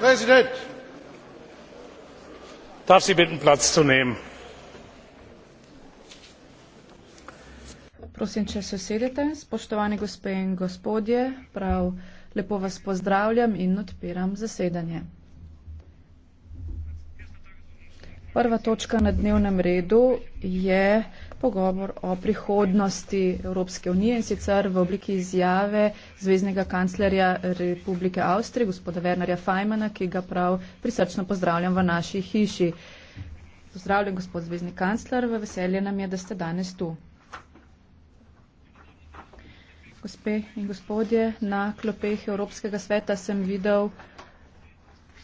präsident! ich darf sie bitten platz zu nehmen. prosim če se usedete spoštovane gospe in gospodje prav lepo vas pozdravljam in odpiram zasedanje. Prva točka na dnevnem redu je pogovor o prihodnosti Evropske unije in sicer v obliki izjave zvezdnega kanclerja Republike Avstrije, gospoda Wernerja Feynmana, ki ga prav prisrčno pozdravljam v naši hiši. Pozdravljen, gospod zvezdni kancler, veselje nam je, da ste danes tu. Gospe in gospodje, na klopeh Evropskega sveta sem videl,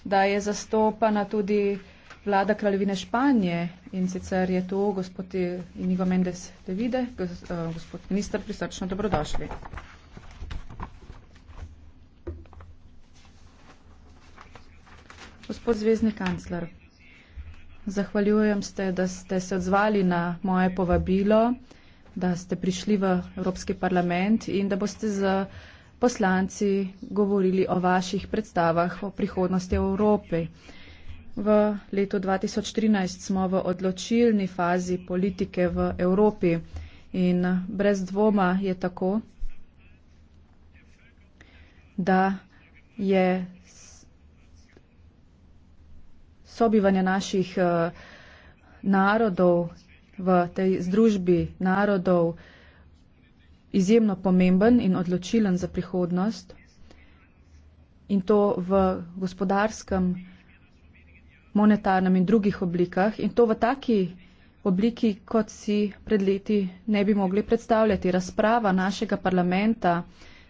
da je zastopana tudi vlada kraljevine Španije in sicer je to gospod Inigo Mendes de Vide, eh, gospod minister, prisrčno dobrodošli. Gospod zvezdni kancler, zahvaljujem ste, da ste se odzvali na moje povabilo, da ste prišli v Evropski parlament in da boste z poslanci govorili o vaših predstavah o prihodnosti Evropi v letu 2013 smo v odločilni fazi politike v Evropi in brez dvoma je tako, da je sobivanje naših eh, narodov v tej združbi narodov izjemno pomemben in odločilen za prihodnost in to v gospodarskem, monetarnem in drugih oblikah in to v taki obliki, kot si pred leti ne bi mogli predstavljati. Razprava našega parlamenta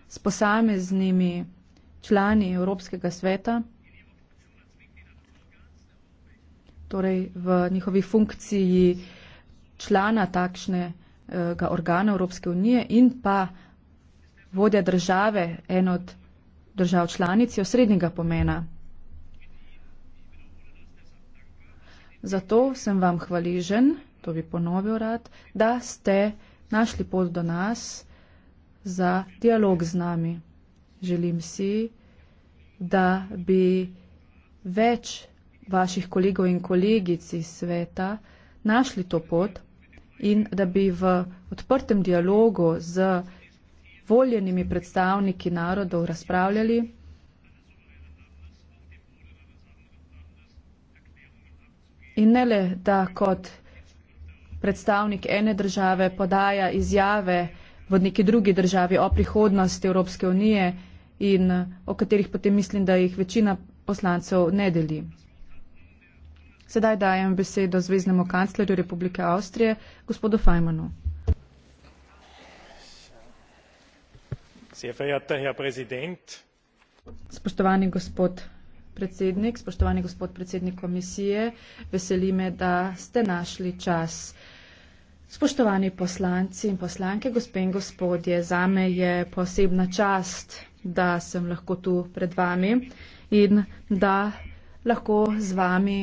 s posameznimi člani Evropskega sveta, torej v njihovi funkciji člana takšnega organa Evropske unije in pa vodja države, en od držav članic, je osrednjega pomena. Zato sem vam hvaležen, to bi ponovil rad, da ste našli pot do nas za dialog z nami. Želim si, da bi več vaših kolegov in kolegic iz sveta našli to pot in da bi v odprtem dialogu z voljenimi predstavniki narodov razpravljali in ne le, da kot predstavnik ene države podaja izjave v neki drugi državi o prihodnosti Evropske unije in o katerih potem mislim, da jih večina poslancev ne deli. Sedaj dajem besedo zveznemu kanclerju Republike Avstrije, gospodu Fajmanu. Spoštovani gospod predsednik, spoštovani gospod predsednik komisije, veseli me, da ste našli čas. Spoštovani poslanci in poslanke, gospe in gospodje, za me je posebna čast, da sem lahko tu pred vami in da lahko z vami